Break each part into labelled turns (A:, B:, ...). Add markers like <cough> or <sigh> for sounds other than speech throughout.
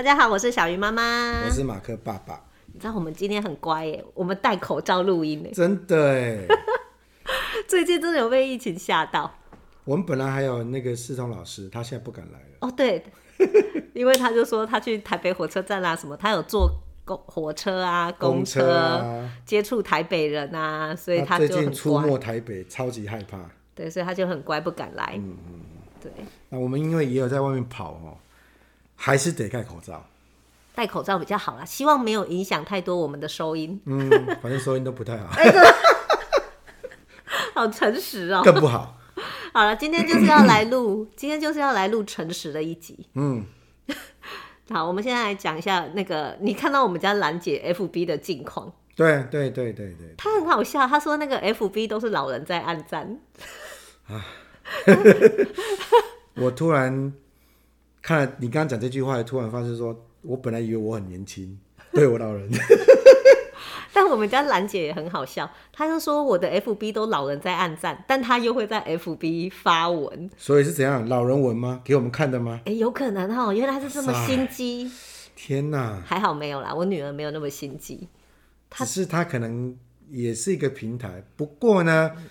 A: 大家好，我是小魚媽媽，我
B: 是馬克爸爸。你知
A: 道，我們今天很乖耶，我們戴口罩錄音呢，
B: 真的耶
A: <laughs> 最近真的有被疫情嚇到。
B: 我們本來還有那個師宗老師，他現在不敢來
A: 了。哦，對， <laughs> 因為他就說他去台北火車站啊，什麼他有坐公火車啊、公車、公車、啊、接觸台北人啊。所以他，他最近就很出沒
B: 台北，超級害怕。
A: 對，所以他就很乖，不敢來。嗯嗯嗯，對。
B: 那我們因為也有在外面跑哈、喔。還是得戴口罩，
A: 戴口罩比較好啦。希望沒有影響太多我們的收音。
B: <laughs> 嗯，反正收音都不太好。 <laughs>
A: 欸、好誠實哦、喔。更不好。好了，今天就是要來錄，咳咳今天就是要來錄誠實的一集。嗯。 <laughs> 好，我們現在來講一下那個，你看到我們家蘭姐 FB 的近況？
B: 對，對對對對對，
A: 他很好笑，他說那個 FB 都是老人在按讚。
B: 啊。我突然。看，你剛剛講這句話，突然發現說，我本來以為我很年輕，對我老人。
A: <laughs> <laughs> 但我們家蘭姐也很好笑，她就說我的 FB 都老人在按讚，但她又會在 FB 發文，
B: 所以是怎樣？老人文嗎？給我們看的嗎？
A: 哎，有可能哈、哦，原來是這麼心機。
B: 天哪！
A: 還好沒有啦，我女兒沒有那麼心機。
B: 她只是她可能也是一個平台，不過呢，嗯、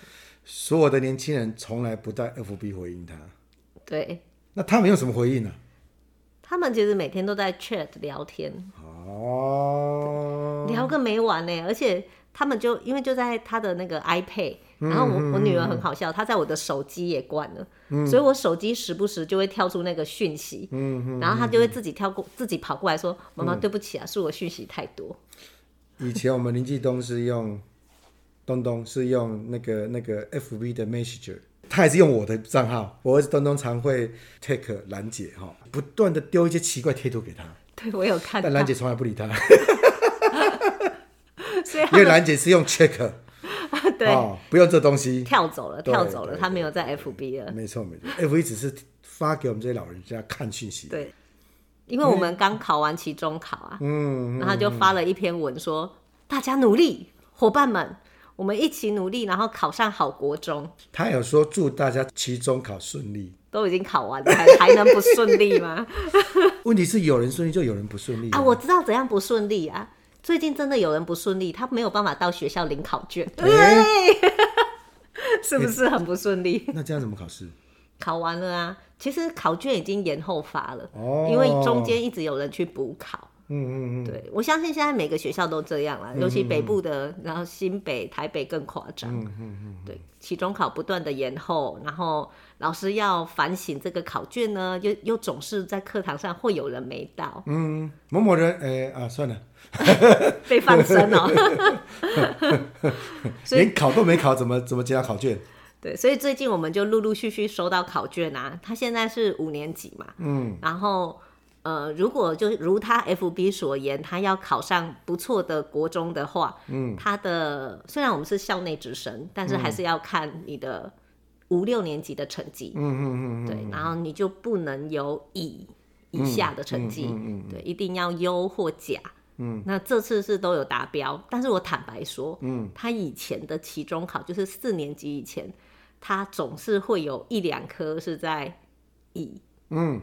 B: 所有的年輕人從來不在 FB 回應她。
A: 對。
B: 那他們有什麼回應呢？
A: 他們其實每天都在 chat 聊天哦，聊個沒完呢。而且他們就因為就在他的那個 iPad，然後我我女兒很好笑，她在我的手機也灌了，所以我手機時不時就會跳出那個訊息，然後她就會自己跳過，自己跑過來說：“媽媽，對不起啊，是我的訊息太多。”
B: 以前我們林繼東是用東東是用那個那個 FB 的 Messenger。他還是用我的賬號，我兒子東東常會 take 蘭姐哈，不斷的丟一些奇怪貼圖給他。對，
A: 我有看到，但蘭姐
B: 從來不理他。
A: <laughs> <laughs> 他因為蘭
B: 姐是用 check，對、喔，不用這東西跳走了，對跳走了，對對對，他
A: 沒有在 F B 了。對對對，沒
B: 錯沒錯，F B 只是發給我們這些老人家看訊息。對，
A: 因為我們剛考完期中考啊，嗯，
B: 然後就發了
A: 一篇文說，嗯嗯、大家努力，夥伴們。我們一起努力，然後考上好國中。
B: 他有說祝大家期中考順利。
A: 都已經考完了，還能不順利嗎？
B: <laughs> 問題是有人順利，就有人不順利啊，啊！我知
A: 道怎樣不順利啊！最近真的有人不順利，他沒有辦法到學校領考卷。對、欸， <laughs> 是不是很不順利、
B: 欸？那這樣怎麼考試？
A: 考完了啊，其實考卷已經延後發了，哦、因為中間一直有人去補考。嗯嗯嗯，對，我相信現在每個學校都這樣了，嗯嗯嗯，尤其北部的，然後新北、台北更誇張。嗯，嗯嗯嗯，對，期中考不斷的延後，然後老師要反省這個考卷呢，又又總是在課堂上會有人沒到。
B: 嗯，某某人，哎啊，算了， <laughs> 被放生了、哦， <laughs> <laughs> 連考都沒考，怎麼怎麼接到考卷？
A: 對，所以最近我們就陸陸續續收到考卷啊，他現在是五年級嘛，嗯，然後。呃，如果就如他 FB 所言，他要考上不錯的國中的話，嗯，他的雖然我們是校內直升，但是還是要看你的五六年級的成績，嗯嗯嗯，嗯對，然後你就不能有乙以，
B: 以下的成績，嗯嗯嗯嗯、
A: 對，一定要優或甲，嗯，那這次是都有達標，但是我坦白說，嗯，他以前的期中考就是四年級以前，他總是會有一兩科是在
B: 乙，嗯，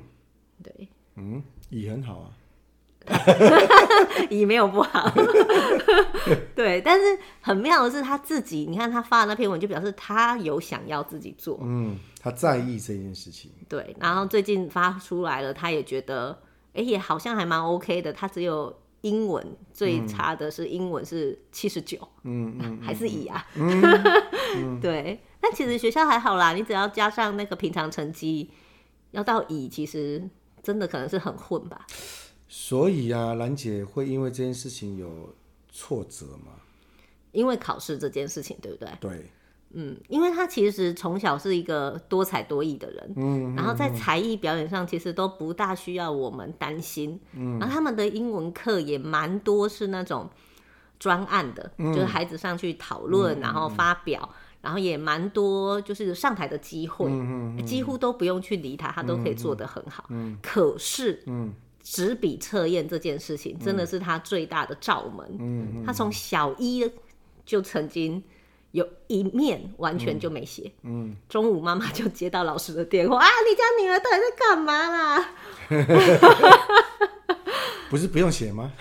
B: 對。嗯，乙很好啊，
A: 乙 <laughs> 沒有不好， <laughs> 對，但是很妙的是他自己，你看他發的那篇文就表示他有想要自己做，嗯，
B: 他在意這件事情，
A: 對，然後最近發出來了，他也覺得，哎，欸，也好像還蠻 OK 的，他只有英文最差的是英文是七十九，嗯，
B: 還是乙
A: 啊， <laughs> 對，但其實學校還好啦，你只要加上那個平常成績，要到乙其實。真的可能是很混吧，
B: 所以啊，蘭姐會因為這件事情有挫折嗎？
A: 因為考試這件事情，對不對？對，嗯，因為她其實從小是一個多才多藝的人，嗯，然後在才藝表演上其實都不大需要我們擔心，嗯，然後他們的英文課也蠻多是那種專案，的，嗯、就是孩子上去討論，嗯、然後發表。嗯嗯嗯然後也蠻多，就是上台的機會，嗯嗯幾乎都不用去理他，他都可以做得很好。嗯嗯可是，紙筆測驗這件事情、嗯、真的是他最大的罩門。嗯嗯他從小一就曾經有一面完全就沒寫、嗯。嗯，中午媽媽就接到老師的電話、嗯、啊，你家女兒到底在幹嘛啦？
B: <laughs> 不是不用寫嗎？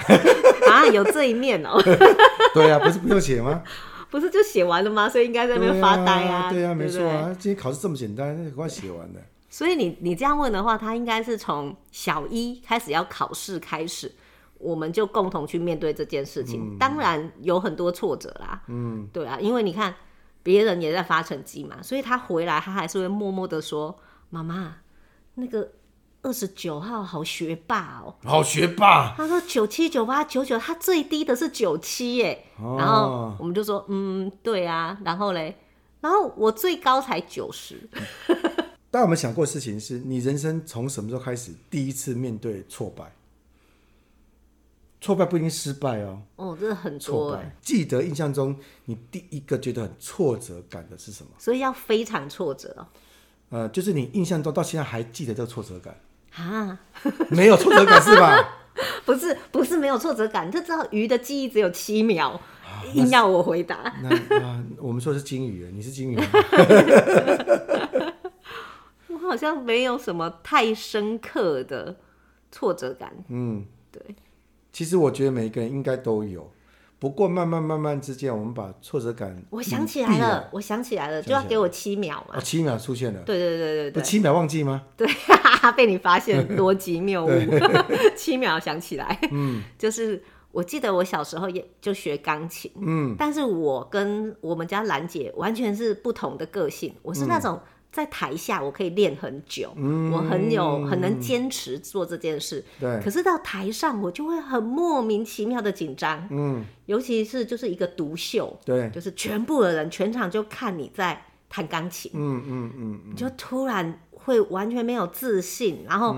A: <laughs> 啊，有這一面哦、喔。
B: <laughs> 對啊，不是不用寫嗎？不是就寫完了嗎？所以應該
A: 在那邊發呆啊，啊。對啊，對對沒錯啊。今
B: 天考試這麼簡單，快寫完了。
A: 所以你你這樣問的話，他應該是從小一開始要考試開始，我們就共同去面對這件事情。嗯、當然有很多挫折啦。嗯，對啊，因為你看別人也在發成績嘛，所以他回來他還是會默默的說：“媽媽，那個。”二十九號好學霸哦，好學霸。他說九七九八九九，他最低的是九七耶。哦、
B: 然後我們
A: 就說，嗯，對啊。然後嘞，然後我最高才九十。
B: <laughs> 但我們想過的事情是你人生從什麼時候開始第一次面對挫敗？挫敗不一定失敗哦。哦，
A: 真的很、欸、挫敗。
B: 記得印象中你第一個覺得很挫折感的是什麼？
A: 所以要非常挫折。
B: 呃，就是你印象中到現在還記得這個挫折感。啊，蛤 <laughs> 沒有挫折感是吧？
A: <laughs> 不是，不是沒有挫折感，就知道魚的記憶只有七秒，啊、硬要我回答。
B: <laughs> 我們說是金魚，你是金魚嗎？
A: <laughs> <laughs> 我好像沒有什麼太深刻的挫折感。嗯，對。
B: 其實我覺得每一個人應該都有。不過慢慢慢慢之間，我們把挫折感，我想起來
A: 了，我想起來了，就要給我七秒嘛，哦、
B: 七秒出現了，對
A: 對對對對、哦，七秒忘記嗎？對哈哈，被你發現多幾秒哦， <laughs> 對 <laughs> 七秒想起來，嗯，就是我記得我小時候也就學鋼琴，嗯，但是我跟我們家蘭姐完全是不同的個性，我是那種。在台下，我可以練很久，嗯、我很有很能堅持做這件事。對，可是到台上，我就會很莫名其妙的緊張。嗯、尤其是就是一個獨秀，對，就是全部的人全場就看你在彈鋼琴。嗯嗯嗯，嗯嗯
B: 嗯，
A: 你就突然會完全沒有自信，然後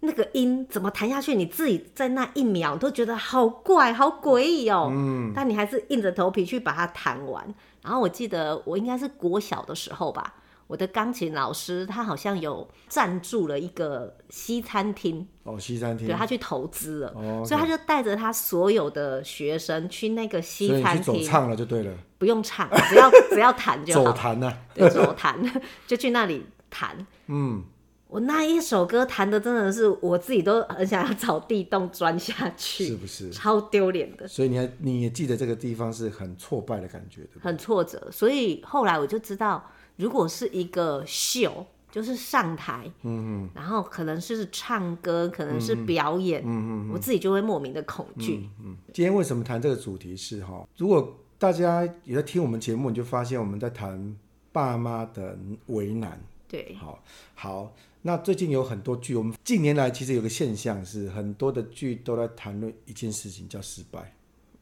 A: 那個音怎麼彈下去？你自己在那一秒都覺得好怪，好詭異哦。嗯、但你還是硬着頭皮去把它彈完。然後我記得我應該是國小的時候吧。我的鋼琴老師，他好像有贊助了一個西餐廳
B: 哦，西餐廳，他去
A: 投資了，哦 okay，所以他就帶着他所有的學生去那個西餐廳走唱
B: 了，就對了，
A: 不用唱，只要 <laughs> 只要彈就好，彈
B: 呢彈、啊，走彈
A: <laughs> 就去那裡彈。嗯，我那一首歌彈的真的是我自己都很想要找地洞鑽下去，是不是超丟臉的？所
B: 以你還你也記得這個地方是很挫敗的感覺，對對，
A: 很挫折。所以後來我就知道。如果是一個秀，就是上台，嗯，嗯然後可能是唱歌，可能是表演，嗯，嗯我自己就會莫名的恐懼。嗯,
B: 嗯，今天為什麼談這個主題是哈？如果大家也在聽我們節目，你就發現我們在談爸媽的為難。
A: 對，好，
B: 好。那最近有很多劇，我們近年來其實有個現象是，很多的劇都在談論一件事情，叫失敗。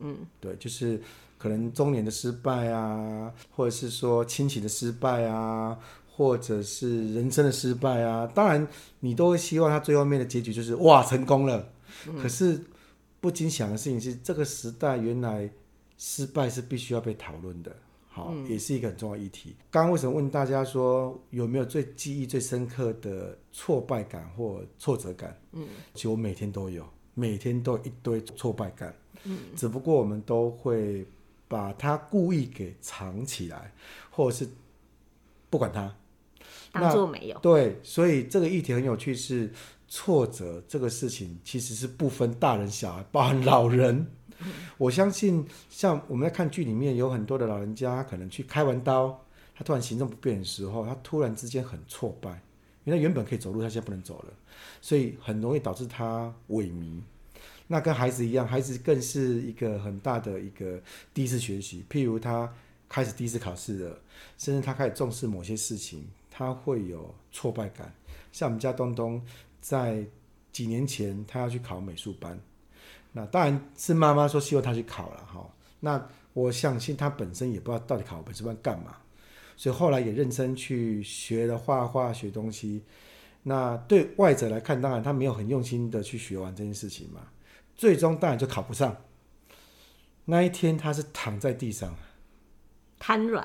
B: 嗯，對，就是。可能中年的失敗啊，或者是說親情的失敗啊，或者是人生的失敗啊，當然你都會希望他最後面的結局就是哇成功了。嗯、可是不禁想的事情是，這個時代原來失敗是必須要被討論的，好，嗯、也是一個很重要議題。剛剛為什麼問大家說有沒有最記憶最深刻的挫敗感或挫折感？嗯，其實我每天都有，每天都有一堆挫敗感。嗯、只不過我們都會。把他故意給藏起來，或者是不管他，
A: 當做沒有。
B: 對，所以這個議題很有趣是，是挫折這個事情其實是不分大人小孩，包含老人。嗯，我相信，像我們在看劇裡面有很多的老人家，他可能去開完刀，他突然行動不便的時候，他突然之間很挫敗，因為他原本可以走路，他現在不能走了，所以很容易導致他萎靡。那跟孩子一樣，孩子更是一個很大的一個第一次學習。譬如他開始第一次考試了，甚至他開始重視某些事情，他會有挫敗感。像我們家東東，在幾年前他要去考美術班，那當然是媽媽說希望他去考了哈。那我相信他本身也不知道到底考美術班幹嘛，所以後來也認真去學了畫畫、學東西。那對外者來看，當然他沒有很用心的去學完這件事情嘛。最終當然就考不上。那一天他是躺在地上，
A: 癱軟。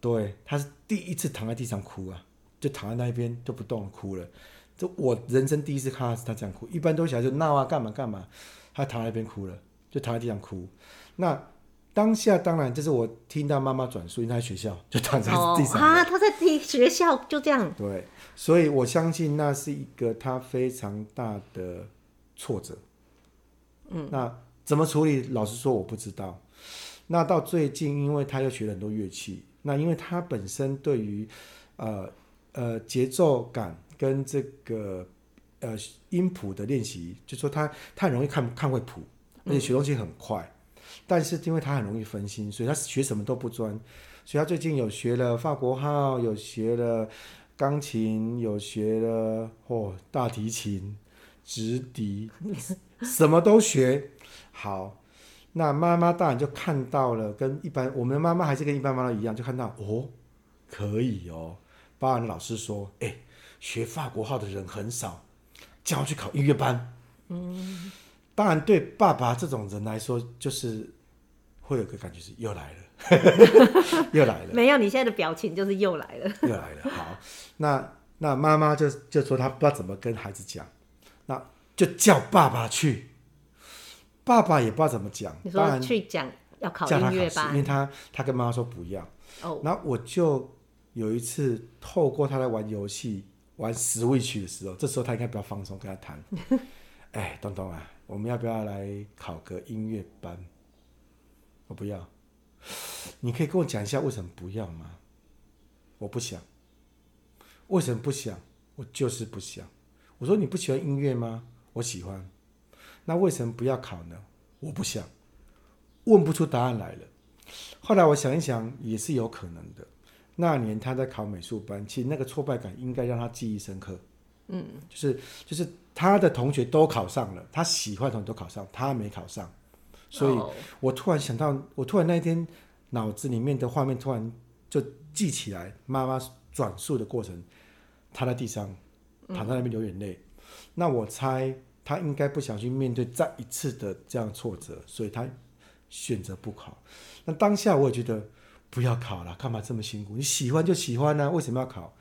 B: 對，他是第一次躺在地上哭啊，就躺在那一邊就不動哭了。就我人生第一次看到他是他這樣哭，一般都小孩就鬧啊幹嘛幹嘛，幹嘛，他躺在那邊哭了，就躺在地上哭。那當下當然就是我聽到媽媽轉述，因為他在學校就躺在地上。啊、哦，
A: 他在自己學校就這樣。
B: 對，所以我相信那是一個他非常大的挫折。嗯， <noise> 那怎麼處理？老實說，我不知道。那到最近，因為他又學了很多樂器，那因為他本身對於，呃呃節奏感跟這個呃音譜的練習，就說他他很容易看看會譜，而且學東西很快。 <noise> 但是因為他很容易分心，所以他學什麼都不專。所以他最近有學了法國號，有學了鋼琴，有學了哦大提琴。直笛，什麼都學， <laughs> 好。那媽媽當然就看到了，跟一般我們的媽媽還是跟一般媽媽一樣，就看到哦，可以哦。包含的老師說：“哎、欸，學法國號的人很少，叫我去考音樂班。”嗯，當然對爸爸這種人來說，就是會有個感覺是又來了， <laughs> 又來了。 <laughs> 沒
A: 有，你現在的表情就是又來了， <laughs> 又來了。好，
B: 那那媽媽就就說她不知道怎麼跟孩子講。就叫爸爸去，爸爸也不知道怎麼講。你說去
A: 講然要考音樂吧，因為他
B: 他跟媽媽說不要。哦，那我就有一次透過他來玩遊戲，玩 Switch 的時候，這時候他應該比較放鬆，跟他談。 <laughs> 哎，東東啊，我們要不要來考個音樂班？我不要，你可以跟我講一下為什麼不要嗎？我不想，為什麼不想？我就是不想。我說你不喜歡音樂嗎？我喜歡，那為什麼不要考呢？我不想，問不出答案來了。後來我想一想，也是有可能的。那年他在考美術班，其實那個挫敗感應該讓他記憶深刻。嗯，就是就是他的同學都考上了，他喜歡的同學都考上，他沒考上。所以，我突然想到，我突然那一天腦子裡面的畫面突然就記起來，媽媽轉述的過程，躺在地上，躺在那邊流眼淚。嗯那我猜他應該不想去面對再一次的這樣挫折，所以他選擇不考。那當下我也覺得不要考了，幹嘛這麼辛苦？你喜歡就喜歡呢、啊，為什麼要考？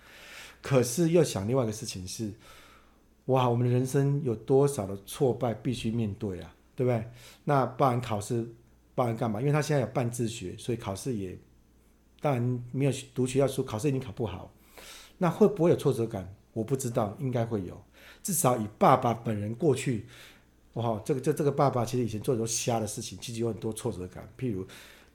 B: 可是又想另外一個事情是：哇，我們的人生有多少的挫敗必須面對啊？對不對？那不然考試，不然幹嘛？因為他現在有半自學，所以考試也當然沒有讀學校書，考試已經考不好，那會不會有挫折感？我不知道，應該會有。至少以爸爸本人過去，哇，這個這這個爸爸其實以前做很多瞎的事情，其實有很多挫折感。譬如，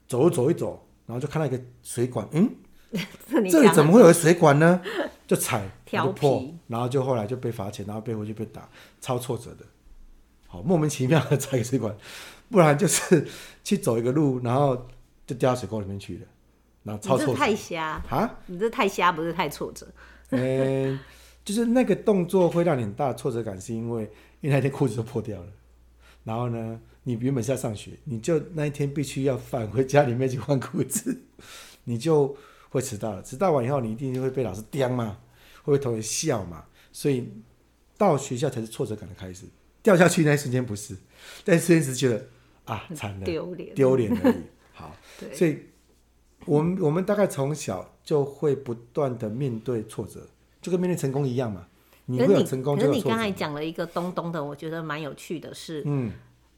B: 走走一走，然後就看到一個水管，嗯，
A: <laughs> 講這裡怎麼會
B: 有水管呢？就踩，皮就破，然後就後來就被罰錢，然後被回去被打，超挫折的。好、哦，莫名其妙的踩個水管，不然就是去走一個路，然後就掉到水溝裡面去了，然後超挫折。太
A: 瞎啊！你這太瞎，蛤太瞎不是太挫折。嗯、
B: 欸。 <laughs> 就是那個動作會讓你很大的挫折感，是因為因為那天褲子都破掉了，然後呢，你原本是要上學，你就那一天必須要返回家裡面去換褲子，你就會遲到了，遲到完以後你一定會被老師刁嘛，會被同學笑嘛，所以到學校才是挫折感的開始，掉下去那一瞬間不是，但是是覺得啊慘了，丟臉丟臉而已，好，對 所以我們我們大概從小就會不斷的面對挫折。就跟面對成功一樣嘛，你沒有成功就錯。可是你剛才
A: 講了一個東東的，我覺得蠻有趣的是，
B: 嗯，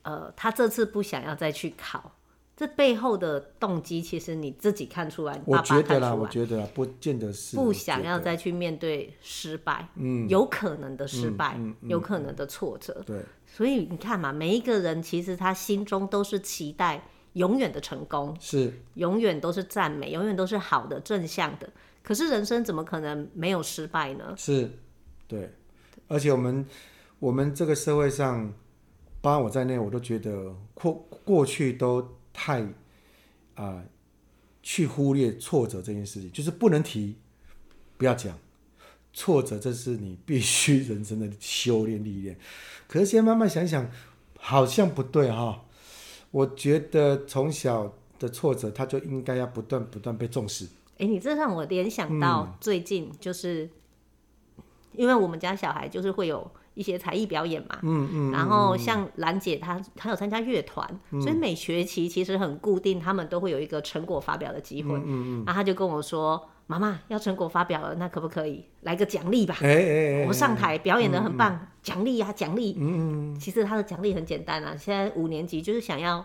A: 呃，他這次不想要再去考，這背後的動機其實你自己看出來。你爸爸看出來，我覺得啦，我覺
B: 得啦，不見得是不想要再
A: 去面對失敗，嗯，有可能的失敗，嗯，嗯，嗯，有可能的挫折。對，所以你看嘛，每一個人其實他心中都是期待永遠的成功，是永遠都是讚美，永遠都是好的，正向的。可是人生怎麼可能沒有失敗呢？是，
B: 對，而且我們我們這個社會上，包括我在內，我都覺得過過去都太啊、呃，去忽略挫折這件事情，就是不能提，不要講挫折，這是你必須人生的修煉歷練。可是現在慢慢想想，好像不對哈、哦。我覺得從小的挫折，它就應該要不斷不斷被重視。
A: 哎、欸，你這讓我聯想到最近，就是、嗯、因為我們家小孩就是會有一些才藝表演嘛，嗯，
B: 嗯然後像
A: 蘭姐她，她有參加樂團，嗯、所以每學期其實很固定，他們都會有一個成果發表的機會，嗯，嗯，嗯然後她就跟我說，媽媽要成果發表了，那可不可以來個獎勵吧？哎哎哎，我們上台表演得很棒，獎勵呀獎勵，啊嗯嗯、其實他的獎勵很簡單啊，現在五年級就是想要。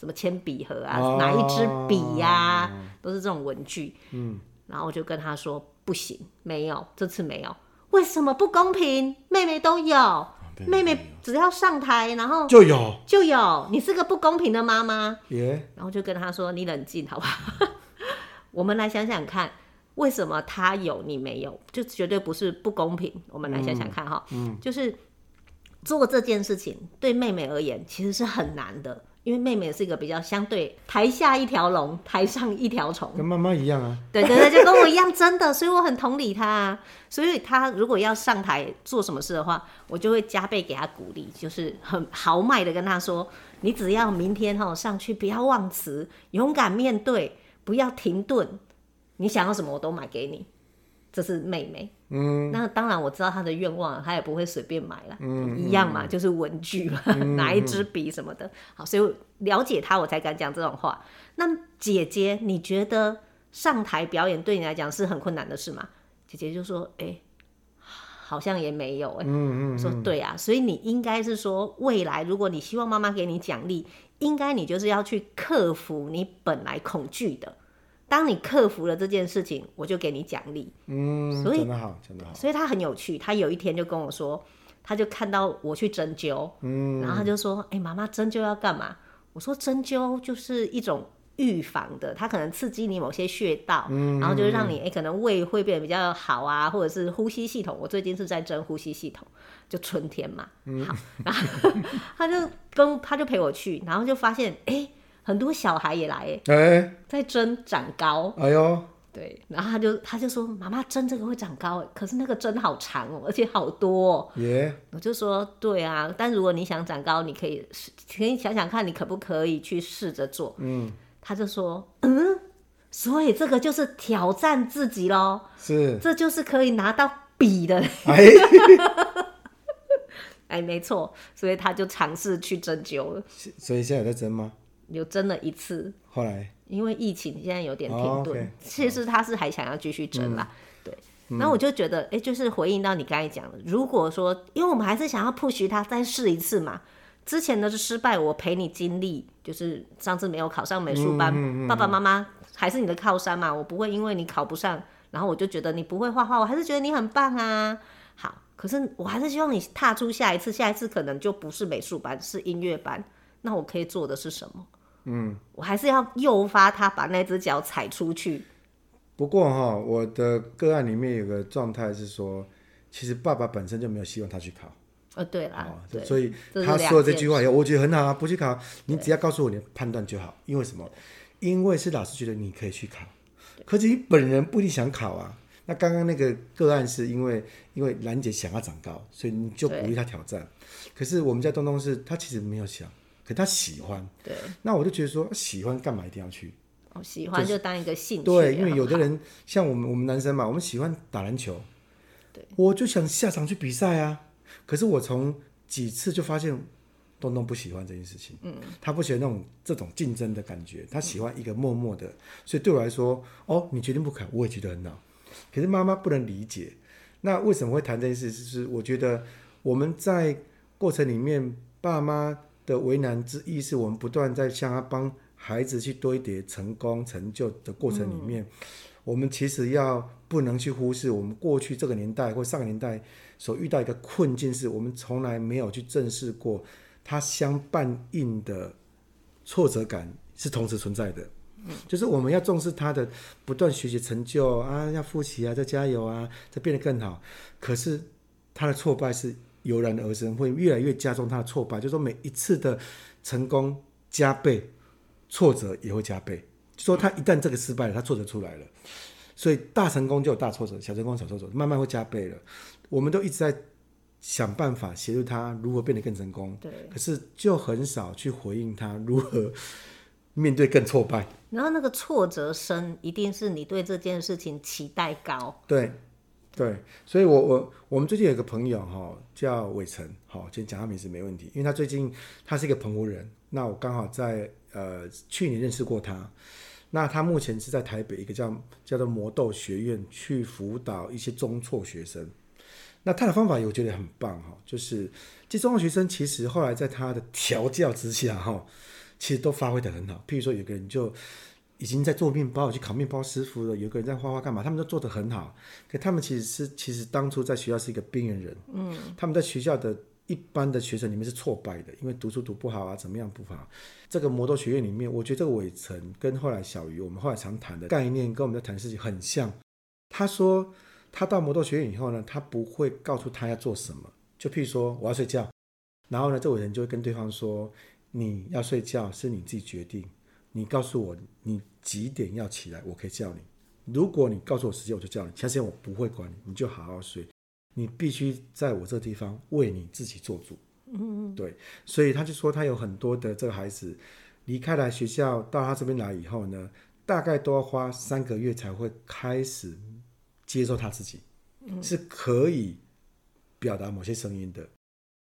A: 什麼鉛筆盒啊，拿、啊、一支筆呀、啊，啊、都是這種文具。嗯，然後就跟他說：“不行，沒有，這次沒有，為什麼不公平？妹妹都有，啊、對對對有妹妹只要上台，然後就有就有，你是個不公平的媽媽。”耶，然後就跟他說：“你冷靜，好不好？ <laughs> 我們來想想看，為什麼他有你沒有？就絕對不是不公平。我們來想想看哈、嗯，嗯，就是做這件事情對妹妹而言其實是很難的。”因為妹妹是一個比較相對台下一條龍，台上一條蟲，跟媽
B: 媽一樣啊。 <laughs> 對對對，就跟我一
A: 樣，真的，所以我很同理她啊。所以她如果要上台做什麼事的話，我就會加倍給她鼓勵，就是很豪邁的跟她說：“你只要明天吼、哦、上去，不要忘詞，勇敢面對，不要停頓，你想要什麼我都買給你。”這是妹妹。嗯，那當然我知道他的願望、啊，他也不會隨便買了，嗯嗯、一樣嘛，就是文具嘛，拿、嗯、 <laughs> 一支筆什麼的。好，所以了解他，我才敢講這種話。那姐姐，你覺得上台表演對你來講是很困難的事嗎？姐姐就說，哎、欸，好像也沒有、欸，哎、嗯。嗯嗯。說對啊，所以你應該是說，未來如果你希望媽媽給你獎勵，應該你就是要去克服你本來恐懼的。當你克服了這件事情，我就給你獎勵。
B: 嗯，所以，真的好，真的好。所以
A: 他很有趣。他有一天就跟我說，他就看到我去針灸。嗯，然後他就說：“哎、欸，媽媽，針灸要幹嘛？”我說：“針灸就是一種預防的，它可能刺激你某些穴道，嗯、然後就讓你哎、欸，可能胃會變得比較好啊，或者是呼吸系統。我最近是在針呼吸系統，就春天嘛。嗯、好，然後 <laughs> 他就跟，他就陪我去，然後就發現哎。欸”很多小孩也來、欸，在針長高哎呦，對，然後他就他就說媽媽，針這個會長高，可是那個針好長哦、喔，而且好多、喔、耶。我就說對啊，但如果你想長高，你可以可以想想看你可不可以去試着做。嗯，他就說嗯，所以這個就是挑戰自己嘍，
B: 是，這
A: 就是可以拿到比的。
B: 哎，
A: <laughs> 哎，沒錯，所以他就嘗試去針灸
B: 了。所以現在有在針嗎？
A: 有爭了一次，後來因為疫情現在有點停頓，哦、okay, 其實他是還想要繼續爭啦，
B: 嗯、對。那、嗯、我就
A: 覺得，誒、欸，就是回應到你剛才講的，如果說，因為我們還是想要 push 他再試一次嘛，之前的是失敗，我陪你經歷，就是上次沒有考上美術班，嗯嗯嗯、爸爸媽媽好還是你的靠山嘛，我不會因為你考不上，然後我就覺得你不會畫畫，我還是覺得你很棒啊。好，可是我還是希望你踏出下一次，下一次可能就不是美術班，是音樂班，那我可以做的是什麼？嗯，我還是要誘發他把那隻腳踩出去。
B: 不過哈，我的個案裡面有個狀態是說，其實爸爸本身就沒有希望他去考。
A: 呃，對啦、哦，所以他說了這句話也、哦，我
B: 覺得很好啊，不去考，你只要告訴我你的判斷就好。因為什麼？對因為是老師覺得你可以去考，可是你本人不一定想考啊。那剛剛那個個案是因為，因為蘭姐想要長高，所以你就鼓勵他挑戰。對可是我們家東東是，他其實沒有想。他喜歡，對，那我就覺得說，喜歡幹嘛一定要去？哦，
A: 喜歡就當一個興趣。就是、對，因為有的
B: 人好像我們，我們男生嘛，我們喜歡打籃球，對我就想下場去比賽啊。可是我從幾次就發現東東不喜歡這件事情，嗯，他不喜歡那種這種競爭的感覺，他喜歡一個默默的。嗯、所以對我來說，哦，你決定不肯，我也覺得很惱。可是媽媽不能理解，那為什麼會談這件事？就是我覺得我們在過程裡面，爸媽。的為難之一是，我們不斷在向他幫孩子去堆疊成功成就的過程裡面，我們其實要不能去忽視我們過去這個年代或上個年代所遇到一個困境，是我們從來沒有去正視過，他相伴應的挫折感是同時存在的，就是我們要重視他的不斷學習成就啊，要複習啊，再加油啊，再變得更好，可是他的挫敗是油然而生，會越來越加重他的挫敗。就是說每一次的成功加倍，挫折也會加倍。就說他一旦這個失敗了，他挫折出來了，所以大成功就有大挫折，小成功小挫折，慢慢會加倍了。我們都一直在想辦法協助他如何變得更成功，對，可是就很少去回應他如何面對更挫敗。
A: 然後那個挫折深，一定是你對這件事情期待高，
B: 對。對，所以我，我我我們最近有一個朋友哈、哦，叫偉成，好、哦，今天講他名字沒問題，因為他最近他是一個澎湖人，那我剛好在呃去年認識過他，那他目前是在台北一個叫叫做魔豆學院去輔導一些中輟學生，那他的方法我覺得很棒哈，就是這中輟學生其實後來在他的調教之下哈、哦，其實都發揮得很好，譬如說有個人就。已經在做麵包，去烤麵包師傅了。有個人在畫畫，幹嘛？他們都做得很好，可他們其實是其實當初在學校是一個邊緣人。嗯，他們在學校的一般的學生裡面是挫敗的，因為讀書讀不好啊，怎麼樣不好。這個魔特學院裡面，我覺得這個偉成跟後來小魚，我們後來常談的概念跟我們在談事情很像。他說他到魔特學院以後呢，他不會告訴他要做什麼，就譬如說我要睡覺，然後呢，這個、偉成就會跟對方說，你要睡覺是你自己決定，你告訴我你。幾點要起來？我可以叫你。如果你告訴我時間，我就叫你。相信我不會管你，你就好好睡。你必須在我這個地方為你自己做主。嗯，對。所以他就說，他有很多的這個孩子離開了學校，到他這邊來以後呢，大概都要花三個月才會開始接受他自己，嗯，是可以表達某些聲音的。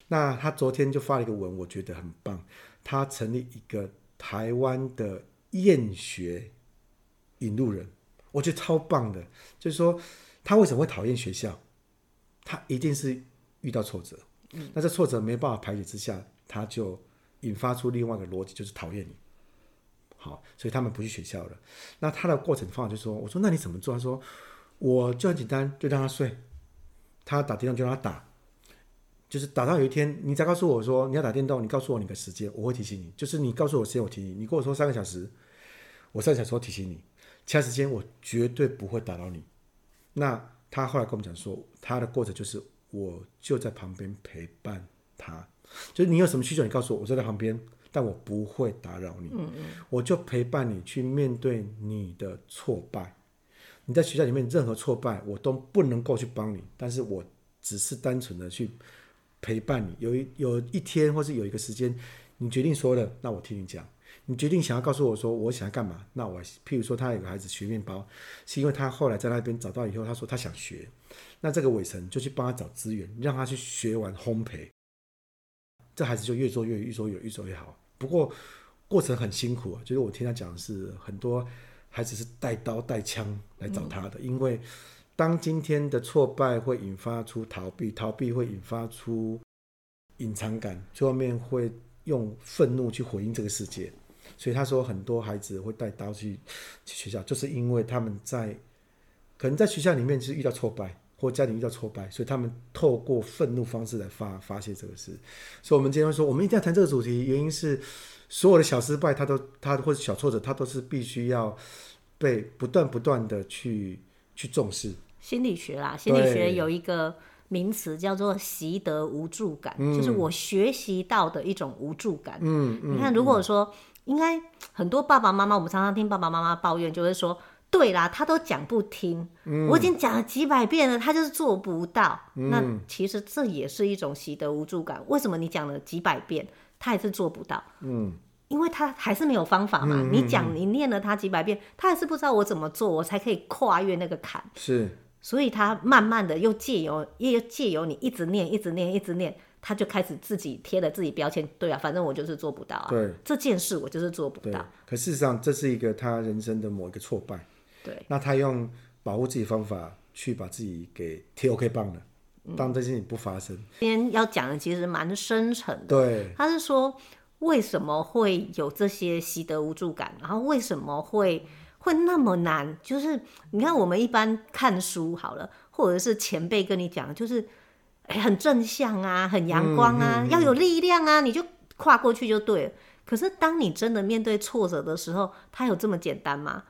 B: 那他昨天就發了一個文，我覺得很棒。他成立一個台灣的，厭學引路人，我覺得超棒的。就是說，他為什麼會討厭學校？他一定是遇到挫折，那這挫折沒辦法排解之下，他就引發出另外一個邏輯，就是討厭你。好，所以他們不去學校了。那他的過程方法就是說：“我說，那你怎麼做？”他說：“我就很簡單，就讓他睡。他打電話就讓他打。”就是打到有一天，你再告訴我說，你要打電動，你告訴我你的時間，我會提醒你。就是你告訴我時間，我提醒你。你跟我說三個小時，我三個小時我提醒你，其他時間我絕對不會打擾你。那他後來跟我們講說，他的過程就是我就在旁邊陪伴他，就是你有什麼需求，你告訴我，我坐在旁邊，但我不會打擾你。嗯嗯，我就陪伴你去面對你的挫敗。你在學校裡面任何挫敗，我都不能夠去幫你，但是我只是單純的去。陪伴你有一有一天，或是有一個時間，你決定說了，那我聽你講。你決定想要告訴我說，我想要幹嘛？那我譬如說，他有個孩子學麵包，是因為他後來在那邊找到以後，他說他想學。那這個偉成就去幫他找資源，讓他去學完烘焙，這孩子就越做越越做越越做越好。不過過程很辛苦啊，就是我聽他講的是很多孩子是帶刀帶槍來找他的，嗯，因為。當今天的挫敗會引發出逃避，逃避會引發出隱藏感，最後面會用憤怒去回應這個世界。所以他說，很多孩子會帶刀去去學校，就是因為他們在可能在學校裡面是遇到挫敗，或家裡遇到挫敗，所以他們透過憤怒方式來發發洩這個事。所以我們今天說，我們一定要談這個主題，原因是所有的小失敗他，他都他或者小挫折，他都是必須要被不斷不斷的去去重視。
A: 心理學啦，心理學有一個名詞叫做習得無助感，對嗯、就是我學習到的一種無助感。嗯，嗯嗯，你看，如果說應該很多爸爸媽媽，我們常常聽爸爸媽媽抱怨，就是說：“對啦，他都講不聽，
B: 嗯、我已經
A: 講了幾百遍了，他就是做不到，嗯。”那其實這也是一種習得無助感。為什麼你講了幾百遍，他還是做不到？嗯，因為他還是沒有方法嘛。嗯、你講，你念了他幾百遍，他還是不知道我怎麼做，我才可以跨越那個坎。是。所以他慢慢的又借由又借由你一直念一直念一直念，他就開始自己貼了自己標籤。對啊，反正我就是做不到啊。對，這件事我就是做不
B: 到。可事實上，這是一個他人生的某一個挫敗。對。那他用保護自己的方法去把自己給貼 OK 棒了，對當這件事情不發生。
A: 今天要講的其實蠻深沉的。對。他是說為什麼會有這些習得無助感，然後為什麼會？會那麼難？就是你看，我們一般看書好了，或者是前輩跟你講，就是很正向啊，很陽光啊，嗯嗯嗯、要有力量啊，你就跨過去就對了。可是當你真的面對挫折的時候，它有這麼簡單嗎？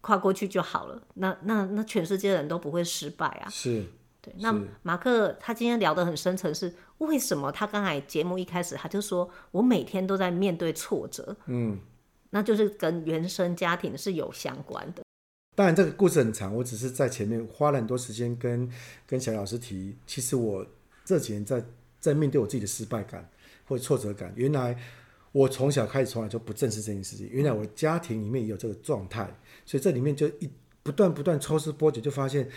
A: 跨過去就好了？那那那全世界的人都不會失敗啊？是，對。是那馬克他今天聊得很深層，是為什麼？他剛才節目一開始他就說我每天都在面對挫折。嗯。那就是跟原生家庭是有相關的。當
B: 然，這個故事很長，我只是在前面花了很多時間跟跟小，小老師提。其實我這幾年在在面對我自己的失敗感或挫折感，原來我從小開始從來就不正視這件事情。原來我家庭裡面也有這個狀態，所以這裡面就一不斷不斷抽絲剝繭，就發現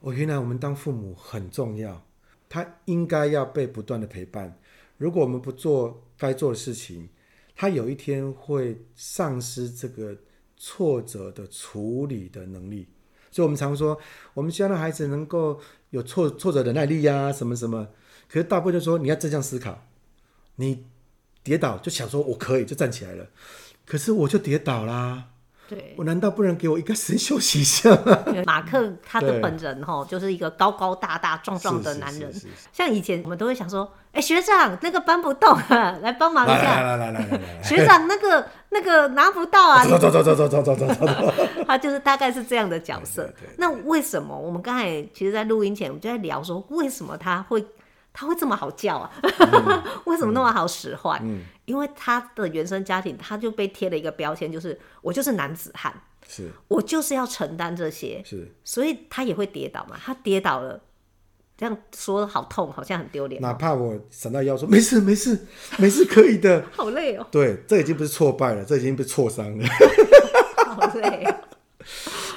B: 哦，原來我們當父母很重要，他應該要被不斷的陪伴。如果我們不做該做的事情，他有一天會喪失這個挫折的處理的能力，所以我們常說，我們希望孩子能夠有挫挫折忍耐力呀、啊，什麼什麼。可是大部分就說你要正向思考，你跌倒就想說我可以就站起來了，可是我就跌倒啦。對，我難道不能給我一個神休息一下
A: 嗎？馬克他的本人哈，對就是一個高高大大、壯壯的男人。是是是是是，像以前我們都會想說，哎、欸，學長那個搬不動、啊，來幫忙一下。來來，來來來來， <laughs> 學長那個那個拿不到啊。走走走走走
B: 走走走走。
A: <laughs> 他就是大概是這樣的角色。對對對對，那為什麼我們剛才其實，在錄音前我們就在聊說，為什麼他會？他會這麼好叫啊？嗯、 <laughs> 為什麼那麼好使喚？嗯嗯、因為他的原生家庭，他就被貼了一個標籤，就是我就是男子漢，是我就是要承擔這些，是，所以他也會跌倒嘛。他跌倒了，這樣說得好痛，好像很丟臉，喔。哪
B: 怕我閃到腰說，說沒事沒事沒事，沒事沒事可以的。 <laughs>
A: 好累哦。對，
B: 這已經不是挫敗了，這已經被挫傷了。 <laughs> <laughs> 好累，哦。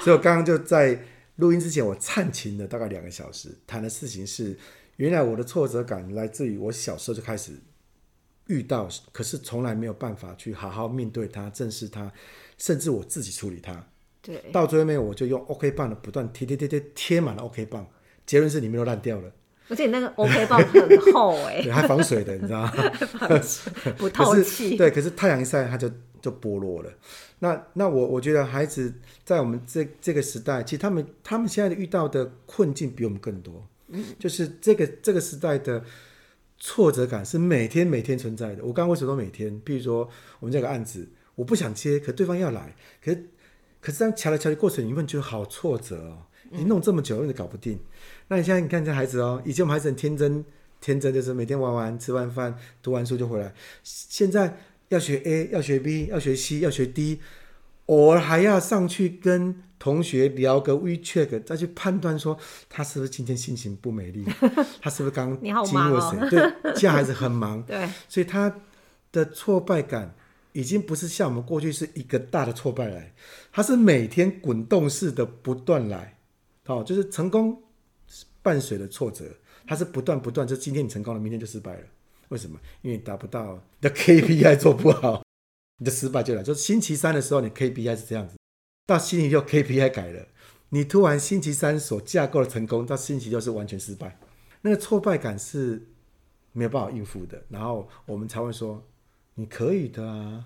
B: 所以我剛剛就在錄音之前，我彈琴了，大概兩個小時，談的事情是。原來我的挫折感來自於我小時候就開始遇到，可是從來沒有辦法去好好面對它，正視它，甚至我自己處理它。對，到最後面我就用 OK 棒的不斷貼貼貼貼貼滿了 OK 棒，結論是裡面都爛掉
A: 了。而且那個 OK 棒很厚哎， <laughs> 還防水的，
B: 你知道嗎？防水 <laughs> 不透氣。 <laughs> 對，可是太陽一曬它就就剝落了。那那我我覺得孩子在我們這這個時代，其實他們他們現在遇到的困境比我們更多。就是這個這個時代的挫折感是每天每天存在的。我剛剛為什麼說每天？比如說我們這個案子，我不想接，可對方要來，可可是這樣瞧來瞧去過程一問，你覺得好挫折哦，你弄這麼久，你都搞不定。嗯。那你現在你看這孩子哦，以前我們孩子很天真，天真就是每天玩完吃完飯讀完書就回來。現在要學 A，要學 B，要學 C，要學 D。我還要上去跟同學聊個 WeChat，再去判斷說他是不是今天心情不美麗， <laughs> 他是不是剛剛經過誰？對，這樣還是很忙。 <laughs> 對，所以他的挫敗感已經不是像我們過去是一個大的挫敗來，他是每天滾動式的不斷來。哦，就是成功伴隨了挫折，他是不斷不斷，就今天你成功了，明天就失敗了。為什麼？因為你達不到，你的 KPI 做不好。 <laughs> 你的失敗就來，就是星期三的時候，你 KPI 是這樣子，到星期六 KPI 改了，你突然星期三所架構的成功，到星期六是完全失敗，那個挫敗感是沒有辦法應付的，然後我們才會說，你可以的啊，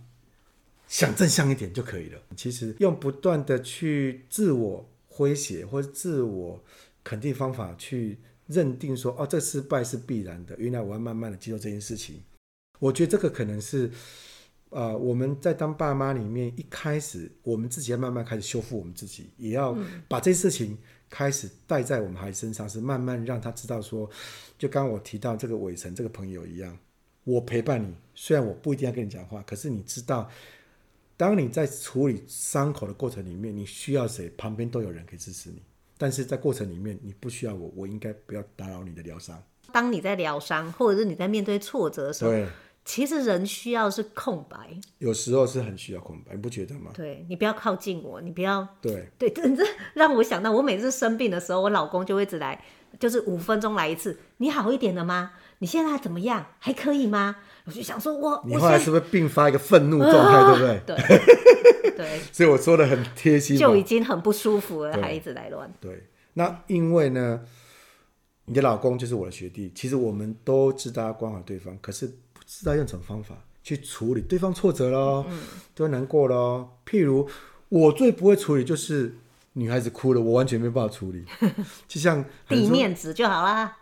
B: 想正向一點就可以了。其實用不斷的去自我詼諧或者自我肯定方法去認定說，哦，這失敗是必然的，原來我要慢慢的接受這件事情。我覺得這個可能是。呃，我們在當爸媽裡面，一開始我們自己要慢慢開始修復我們自己，也要把這事情開始帶在我們孩子身上，是慢慢讓他知道說，就剛我提到這個偉成這個朋友一樣，我陪伴你，雖然我不一定要跟你講話，可是你知道，當你在處理傷口的過程裡面，你需要誰，旁邊都有人可以支持你，但是在過程裡面，你不需要我，我應該不要打擾你的療傷。
A: 當你在療傷，或者是你在面對挫折的時候。其實人需要是空白，
B: 有時候是很需要空白，你不覺得嗎？
A: 對，你不要靠近我，你不要對對，真正讓我想到，我每次生病的時候，我老公就會一直來，就是五分鐘來一次。你好一點了嗎？你現在還怎麼樣？還可以嗎？我就想說我，我你後來是
B: 不是併發一個憤怒狀態，對不、呃、對？對，對 <laughs> 所以我說的很貼心，就已
A: 經很不舒服了，對還一直來亂。
B: 對，那因為呢，你的老公就是我的學弟，其實我們都知道關懷對方，可是。是在用什麼方法去處理對方挫折嘍，都會、嗯嗯、難過了。譬如我最不會處理就是女孩子哭了，我完全沒辦法處理。就像給面
A: 子就好了、
B: 啊，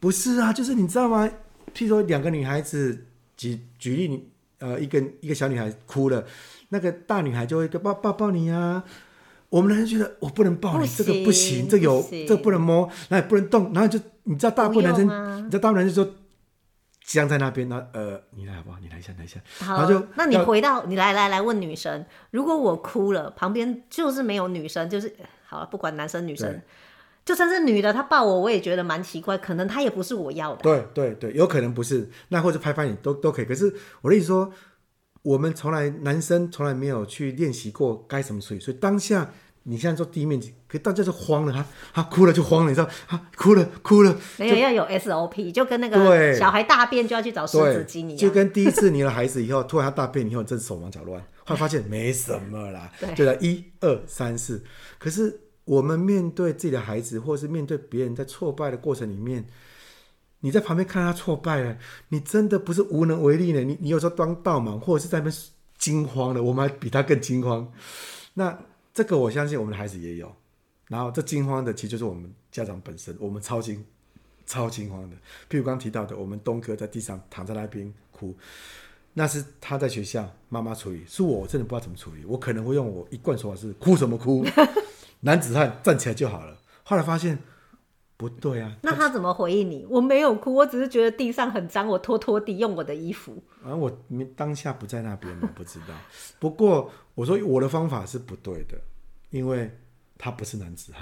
B: 不是啊？就是你知道嗎？譬如說兩個女孩子，舉舉例，呃，一個一個小女孩哭了，那個大女孩就會抱抱抱你啊。我們男生覺得我不能抱你，行這個不行，這個、有不行這個不能摸，那也不能動，然後就你知道大部分男生，啊、你知道大部分男生說。僵在那邊，那呃，你來好不好？你來一下，來一下。了然後就那你回
A: 到後你來，來來來問女生，如果我哭了，旁邊就是沒有女生，就是好了，不管男生女生，對就算是女的她抱我，我也覺得蠻奇怪，可能她也不是我要的。
B: 對對對，有可能不是，那或者拍拍你，都都可以。可是我的意思說，我們從來男生從來沒有去練習過該怎麼處理，所以當下。你現在做低面積，可大家就慌了他，他哭了就慌了，你知道？他哭了哭了，哭了沒有要
A: 有 SOP，就跟那個小孩大便就要去找濕紙巾一樣，就
B: 跟第一次你的孩子以後 <laughs> 突然他大便以後，真是手忙腳亂，後來發現沒什麼啦。對了，一二三四。可是我們面對自己的孩子，或者是面對別人在挫敗的過程裡面，你在旁邊看他挫敗了，你真的不是無能為力的。你你有時候幫倒忙，或者是在那邊驚慌了，我們還比他更驚慌。那。這個我相信我們的孩子也有，然後這驚慌的其實就是我們家長本身，我們超驚、超驚慌的。譬如剛剛提到的，我們東哥在地上躺在那邊哭，那是他在學校媽媽處理，是我，我真的不知道怎麼處理，我可能會用我一貫說法是：哭什麼哭，男子漢站起來就好了。後來發現。不對啊，
A: 那他怎麼回應你？他我沒有哭，我只是覺得地上很髒，我拖拖地，用我的衣服。
B: 啊，我當下不在那邊，我不知道。 <laughs> 不過我說我的方法是不對的，因為他不是男子漢。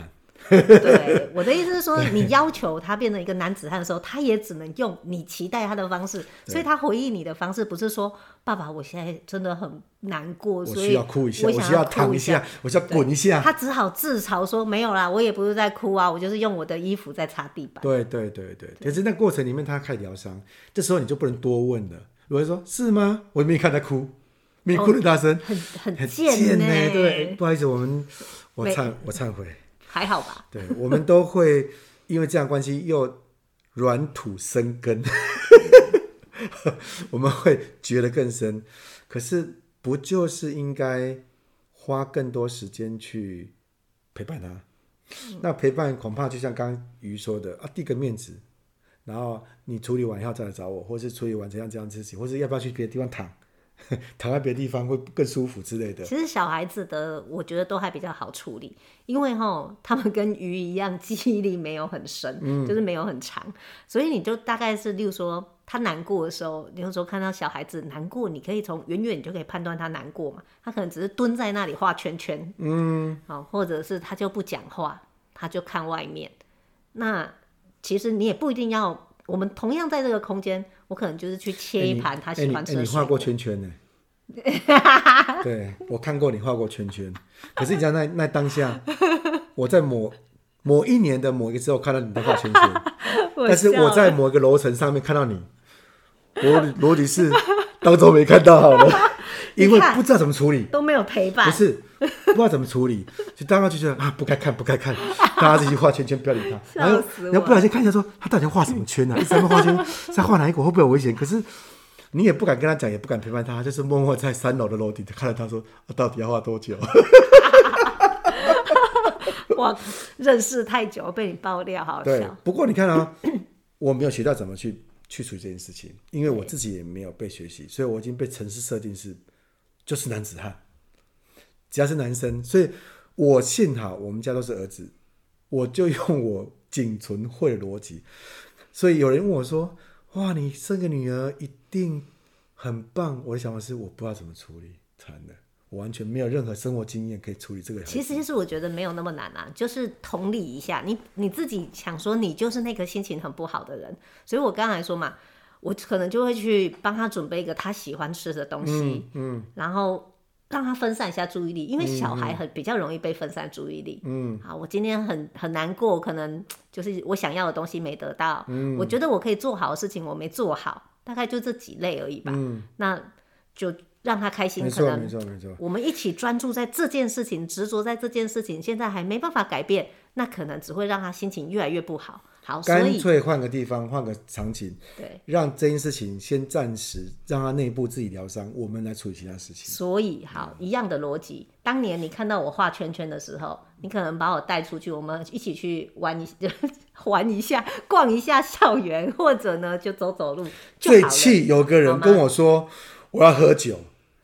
A: 對，我的意思是說，你要求他變成一個男子漢的時候，他也只能用你期待他的方式，所以他回應你的方式不是說“爸爸，我現在真的很難過”，我需要哭一下，我需要躺一下，
B: 我需要滾一下。他
A: 只好自嘲說：“沒有啦，我也不是在哭啊，我就是用我的衣服在擦地板。”
B: 對對對對，可是那過程裡面他開始療傷，這時候你就不能多問了。如果說“是嗎？”，我也沒看他哭，沒哭得大聲，很很很賤呢。對，不好意思，我們我懺我懺悔。還好吧？ <laughs> 對，我們都會因為這樣關係又軟土生根， <laughs> 我們會覺得更深。可是不就是應該花更多時間去陪伴他？嗯、那陪伴恐怕就像剛魚說的啊，遞個面子，然後你處理完以後再來找我，或是處理完這樣這樣自己，或是要不要去別的地方躺？躺在別的地方會更舒服之類的。其實
A: 小孩子的，我覺得都還比較好處理，因為齁，他們跟魚一樣，記憶力沒有很深，嗯，就是沒有很長，所以你就大概是，例如說他難過的時候，你有時候看到小孩子難過，你可以從遠遠你就可以判斷他難過嘛，他可能只是蹲在那裡畫圈圈，嗯，好，或者是他就不講話，他就看外面。那其實你也不一定要，我們同樣在這個空間。我可能就是去切一盤，他喜歡吃的。欸、你畫、欸欸、過
B: 圈圈呢、欸？ <laughs> 對，我看過你畫過圈圈。可是你知道那那當下，我在某某一年的某一個時候看到你畫圈圈， <laughs> 但是我在某一個樓層上面看到你，我羅羅女士，當做沒看到好了。 <laughs> 因為不知道怎麼處理，都
A: 沒有陪伴。不是，
B: 不知道怎麼處理，就大家就覺得 <laughs> 啊，不該看，不該看。大家自己畫圈圈，不要理他。 <laughs> 然、後然後不小心看一下說，說他到底要畫什麼圈啊？嗯、一整個畫圈， <laughs> 在畫哪一個會不會有危險？可是你也不敢跟他講，也不敢陪伴他，就是默默在三樓的樓底看着他說，說、啊、到底要畫多久？
A: 我 <laughs> <laughs> 認識太久，被你爆料，好笑。
B: 不過你看啊，我沒有學到怎麼去去處理這件事情，因為我自己也沒有被學習，所以我已經被程式設定是。就是男子漢，只要是男生，所以我幸好我們家都是兒子，我就用我僅存會的邏輯。所以有人問我說：“哇，你生個女兒一定很棒。”我的想法是我不知道怎麼處理，慘了，我完全沒有任何生活經驗可以處理這個。其
A: 實就是我覺得沒有那麼難啊，就是同理一下，你你自己想說你就是那個心情很不好的人，所以我剛才說嘛。我可能就會去幫他準備一個他喜歡吃的東西，嗯，嗯，然後讓他分散一下注意力，嗯、因為小孩很、嗯、比較容易被分散注意力，嗯，好，我今天很很難過，可能就是我想要的東西沒得到，嗯，我覺得我可以做好的事情我沒做好，大概就這幾類而已吧，嗯，那就。讓他開心，沒錯沒錯沒錯。我們一起專注在這件事情，執着錯在這件事情，現在還沒辦法改變，那可能只會讓他心情越來越不好。好，乾脆
B: 換個地方，換個場景，對，讓這件事情先暫時讓他內部自己療傷，我們來處理其他事情。
A: 所以，好、嗯、一樣的邏輯。當年你看到我畫圈圈的時候，你可能把我帶出去，我們一起去玩一 <laughs> 玩一下，逛一下校園，或者呢，就走走路。
B: 最氣有個人跟我說，嗎我要喝酒。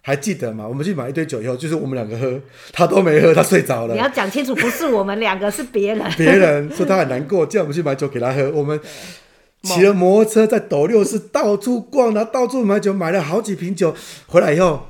B: 還記得嗎？我們去買一堆酒以後，就是我們兩個喝，他都沒喝，他睡着了。你要
A: 講清楚，不是我們兩個， <laughs> 是別人。別人
B: 說他很難過，叫我們去買酒給他喝。我們騎了摩托車在斗六市到處逛，然後到處買酒，買了好幾瓶酒，回來以後。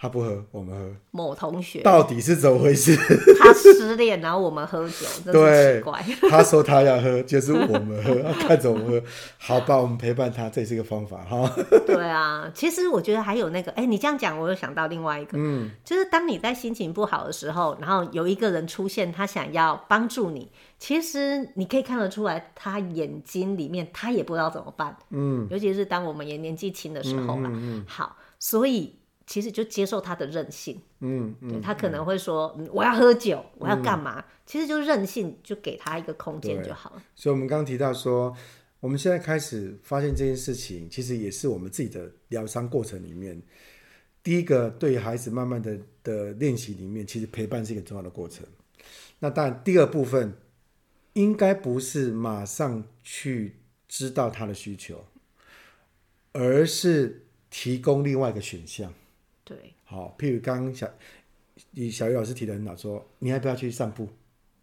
B: 他不喝，我們喝。某同學到底是怎麼回事？嗯、
A: 他失戀，然後我們喝酒，真的奇怪。他說他
B: 要喝，就是我們喝， <laughs> 他看著我們喝。好吧，我們陪伴他，這是一個方法哈。
A: 對啊，其實我覺得還有那個，哎、欸，你這樣講，我又想到另外一個，嗯、就是當你在心情不好的時候，然後有一個人出現，他想要幫助你，其實你可以看得出來，他眼睛裡面他也不知道怎麼辦，嗯，尤其是當我們也年紀輕的時候嘛，嗯，嗯，嗯，好，所以。其實就接受他的任性，
B: 嗯,嗯，對，他可
A: 能會說，嗯、我要喝酒，嗯、我要幹嘛？其實就任性，就給他一個空間就好了。
B: 所以，我們剛剛提到說，我們現在開始發現這件事情，其實也是我們自己的療傷過程裡面，第一個對孩子慢慢的的練習裡面，其實陪伴是一個重要的過程。那當然，第二部分應該不是馬上去知道他的需求，而是提供另外一個選項。對，好、哦，譬如剛剛小，小魚老師提的很好說，說你還不要去散步，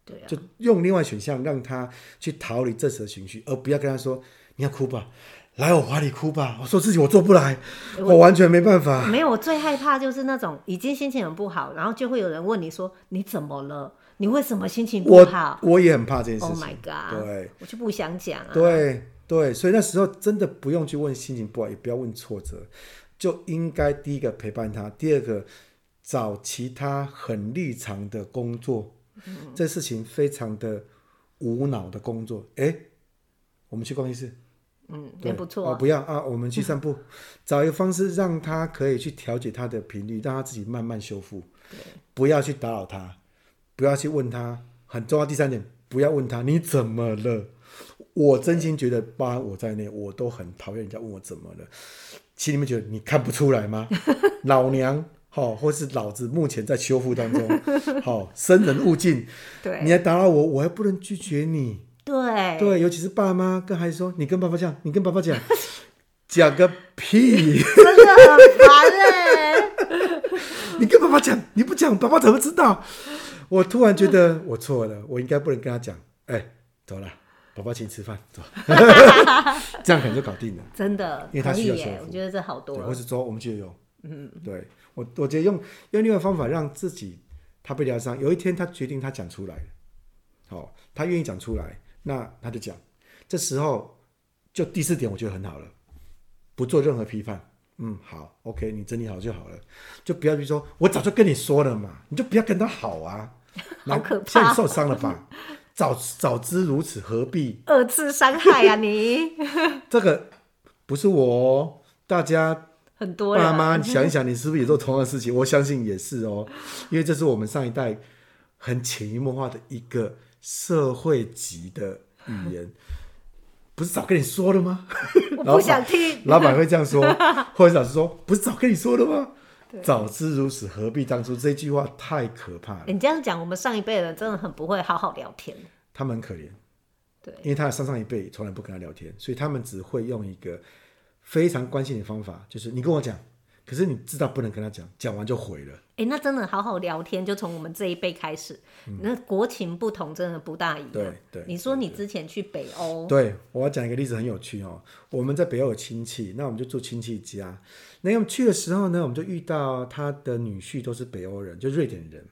B: 對、啊，就用另外選項讓他去逃離這時的情緒，而不要跟他說你要哭吧，來我懷裡哭吧。我說自己我做不來，欸、我，我完全沒辦法。
A: 沒有，我最害怕就是那種已經心情很不好，然後就會有人問你說你怎麼了？你為什麼心情不好？我也很怕這件事 Oh my god！對，我就不想講啊。對
B: 對，所以那時候真的不用去問心情不好，也不要問挫折。就應該第一個陪伴他，第二個找其他很日常的工作，嗯、這事情非常的無腦的工作。誒，我們去逛夜市，嗯，
A: 也對不錯啊。哦，不
B: 要啊，我們去散步，嗯、找一個方式讓他可以去調節他的頻率，讓他自己慢慢修復，對不要去打擾他，不要去問他。很重要第三點，不要問他你怎麼了。我真心覺得，包含我在內，我都很討厭人家問我怎麼了。心裡面覺得你看不出來嗎？ <laughs> 對老娘好，或是老子目前在修復當中，好， <laughs> 生人勿近。
A: 對，你還
B: 打擾我，我還不能拒絕你。
A: 對對，
B: 尤其是爸媽跟孩子說，你跟爸爸講，你跟爸爸講，講 <laughs> 個屁！真的很煩
A: 嘞。
B: 你跟爸爸講，你不講，爸爸怎麼知道？ <laughs> 我突然覺得我錯了，我應該不能跟他講。哎、欸，走了。寶寶請你吃飯,走， <laughs> 這樣可能就搞定了。真的，因為他需要修。我覺得這好多。對。或者是說，我們就用，嗯，對我，我覺得用用另外一個方法讓自己他被療傷。有一天他決定他講出來，好、哦，他願意講出來，那他就講。這時候就第四點，我覺得很好了，不做任何批判。嗯，好，OK，你整理好就好了，就不要去說我早就跟你說了嘛，你就不要跟他好啊，好可怕，像你受傷了吧。 <laughs> 早早知，如此何必
A: 二次傷害啊！你 <laughs>
B: 這個不是我哦，大家
A: 很多爸媽，媽想一想，
B: 你是不是也做同樣的事情？我相信也是哦，因為這是我們上一代很潛移默化的一個社會級的語言，不是早跟你說了嗎？
A: 我不想聽 <laughs> 老闆，老闆會這樣說，
B: 或者老師說，不是早跟你說了嗎？對早知如此，何必當初？這句話太可怕了。欸，
A: 你這樣講，我們上一輩人真的很不會好好聊天。
B: 他們很可憐，
A: 對，
B: 因為他上上一輩從來不跟他聊天，所以他們只會用一個非常關心的方法，就是你跟我講。可是你知道不能跟他講，講完就毀了。
A: 哎、欸，那真的好好聊天，就從我們這一輩開始。嗯，那國情不同，真的不大一樣。對對，對，你說你之前去北歐，對，
B: 我要講一個例子，很有趣哦。我們在北歐有親戚，那我們就住親戚家。那我們去的時候呢，我們就遇到他的女婿都是北歐人，就瑞典人，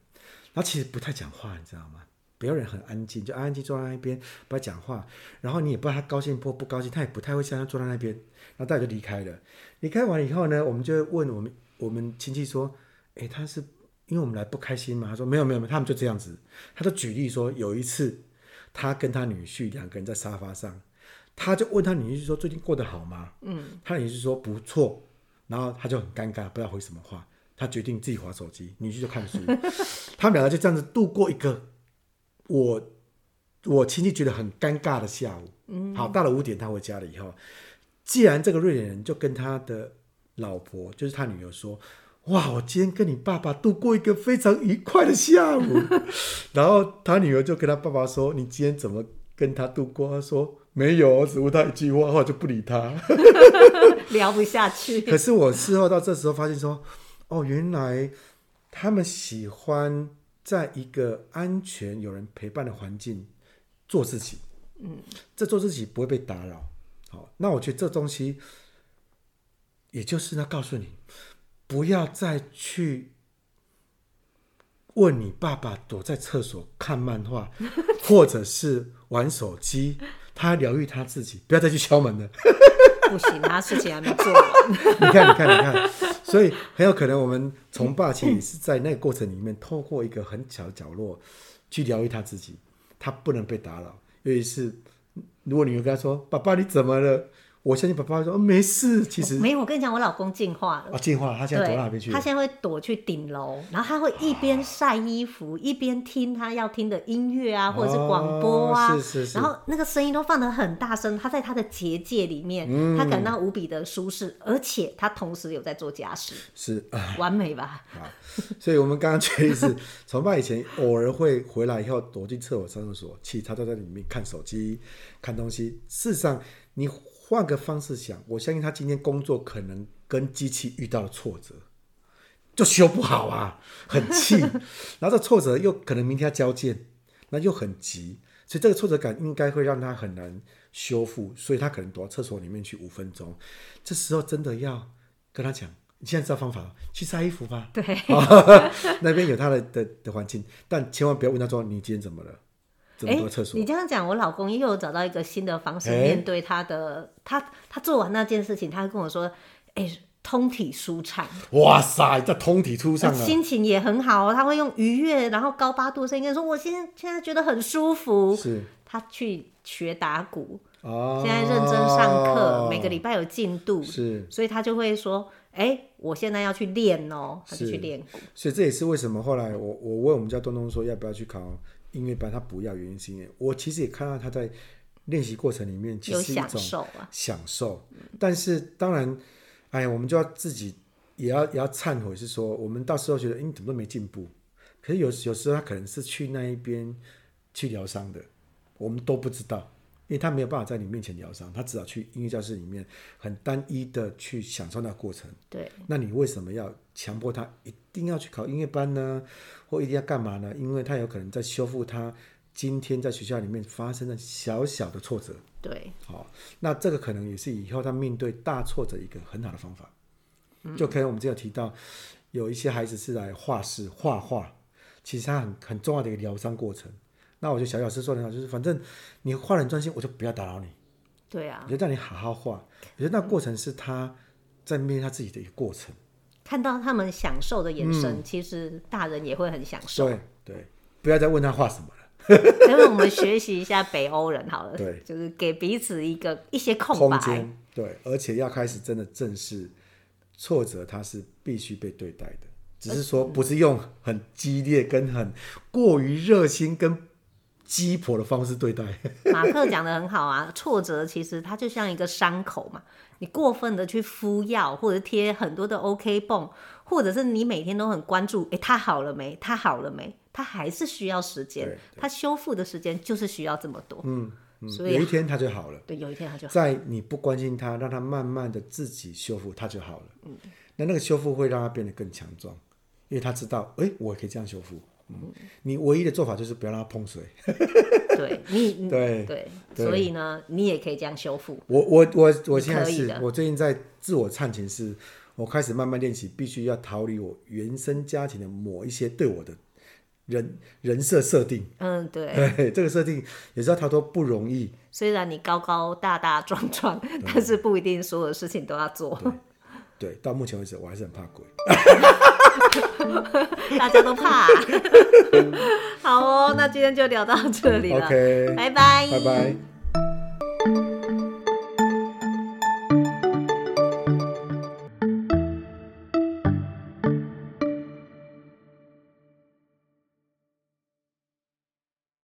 B: 他其實不太講話，你知道嗎？不要人很安靜，就安安靜靜坐在那邊，不要講話。然後你也不知道他高興或不高興，他也不太會像他坐在那邊。然後大家就離開了。離開完以後呢，我們就會問我們我們親戚說：“哎、欸，他是因為我們來不開心嗎？”他說：“沒有，沒有，沒有。”他們就這樣子。他就舉例說，有一次他跟他女婿兩個人在沙發上，他就問他女婿說：“最近過得好嗎？”嗯，他女婿說：“不錯。”然後他就很尷尬，不知道回什麼話。他決定自己滑手機，女婿就看書。 <laughs> 他們兩個就這樣子度過一個。我我親戚覺得很尷尬的下午，嗯、好到了五點，他回家了以後，既然這個瑞典人就跟他的老婆，就是他女兒說：“哇，我今天跟你爸爸度過一個非常愉快的下午。” <laughs> 然後他女兒就跟他爸爸說：“你今天怎麼跟他度過？”他說：“沒有，我只問他一句話後就不理他，
A: <laughs> <laughs> 聊不下去。”可是
B: 我事後到這時候發現說：“哦，原來他們喜歡。”在一個安全、有人陪伴的環境做自己，嗯，這做自己不會被打擾。好，那我覺得這東西，也就是要告訴你，不要再去問你爸爸躲在廁所看漫畫， <laughs> 或者是玩手機，他療癒他自己，不要再去敲門了。
A: <laughs> 不行啊，他事情還沒做完。 <laughs> 你看，你看，你
B: 看。 <laughs> 所以很有可能，我們從爸爸是在那個過程裡面，透過一個很小的角落，去療癒他自己。他不能被打擾，尤其是如果你跟他說：“爸爸，你怎麼了？”我相信爸爸會說沒事，其實、哦、沒有。
A: 我跟你講，我老公進化了。啊、哦，
B: 進化了，他現在躲到哪邊去？他現
A: 在會躲去頂樓，然後他會一邊曬衣服，啊、一邊聽他要聽的音樂啊，啊或者是廣播啊。哦、是、是、是、然後那個聲音都放得很大聲，他在他的結界裡面，嗯、他感到無比的舒適，而且他同時有在做家事，是完美吧？
B: 所以我們剛剛確實，從來 <laughs> 以前偶爾會回來以後躲進廁所上廁所，其實他都在裡面看手機、看東西。事實上，你。換個方式想，我相信他今天工作可能跟機器遇到了挫折，就修不好啊，很氣。然後這個挫折又可能明天要交件，那又很急，所以這個挫折感應該會讓他很難修復，所以他可能躲到廁所裡面去五分鐘。這時候真的要跟他講，你現在知道方法了，去曬衣服吧。對， <laughs> 那邊有他的的的環境，但千萬不要問他說你今天怎麼了？哎、欸，你
A: 這樣講，我老公又有找到一個新的方式面對他的，欸、他他做完那件事情，他跟我說：“哎、欸，通體舒暢。”
B: 哇塞，這通體舒暢啊，心
A: 情也很好哦。他會用愉悅，然後高八度聲音跟我說：“我現現在覺得很舒服。”是，他去學打鼓，
B: 哦，現在認真上課，哦、每個禮拜
A: 有進度，是，所以他就會說：“哎、欸，我現在要去練哦，去練鼓。”
B: 所以這也是為什麼後來我我問我們家東東說要不要去考音樂班他不要，原因是因為，我其實也看到他在練習過程裡面其實是一種享受，享受啊，但是當然，哎呀，我們就要自己也要也要懺悔，是說我們到時候覺得，哎，你怎麼都沒進步，可是有有時候他可能是去那一邊去療傷的，我們都不知道，因為他沒有辦法在你面前療傷，他只好去音樂教室裡面很單一的去享受那個過程。對，那你為什麼要？強迫他一定要去考音樂班呢，或一定要幹嘛呢？因為他有可能在修復他今天在學校裡面發生的小小的挫折。對，好、哦，那這個可能也是以後他面對大挫折一個很好的方法。就可能我們之前有提到，嗯、有一些孩子是來畫室畫畫，其實他很很重要的一個療傷過程。那我就小小聲說很好，就是反正你畫得很專心，我就不要打擾你。
A: 對啊，我就
B: 讓你好好畫，我覺得那過程是他在面對他自己的一個過程。
A: 看到他們享受的眼神，嗯、其實大人也會很享受。
B: 對對，不要再問他畫什麼
A: 了， <laughs> 等會我們學習一下北歐人好了。對，就是給彼此一個
B: 一些空白。空間。對，而且要開始真的正視挫折，它是必須被對待的。只是說，不是用很激烈跟很過於熱心跟。雞婆的方式對待。
A: 馬克講得很好啊， <laughs> 挫折其實它就像一個傷口嘛，你過分的去敷藥或者貼很多的 OK 繃，或者是你每天都很關注，誒、欸、他好了沒？他好了沒？他還是需要時間，他修復的時間就是需要這麼多。嗯，嗯，所以、
B: 啊、有一天他就好了。對，有一天他就好了。在你不關心他，讓他慢慢的自己修復，他就好了。嗯，那那個修復會讓它變得更強壯，因為他知道，誒、欸、我可以這樣修復。嗯、你唯一的做法就是不要讓它碰水。 <laughs> 對你，對對，
A: 對所以呢，對你也可以這樣修復。
B: 我我我我現在是，我最近在自我探尋，是我開始慢慢練習，必須要逃離我原生家庭的某一些對我的人人設設定。嗯，對，對這個設定也是要逃脫不容易。
A: 雖然你高高大大壯壯，但是不一定所有的事情都要做對。
B: 對，到目前為止，我還是很怕鬼。 <laughs> <laughs>
A: 大家都怕、啊， <laughs> 好哦，那今天就聊到這裡了，Okay, 拜拜，拜拜。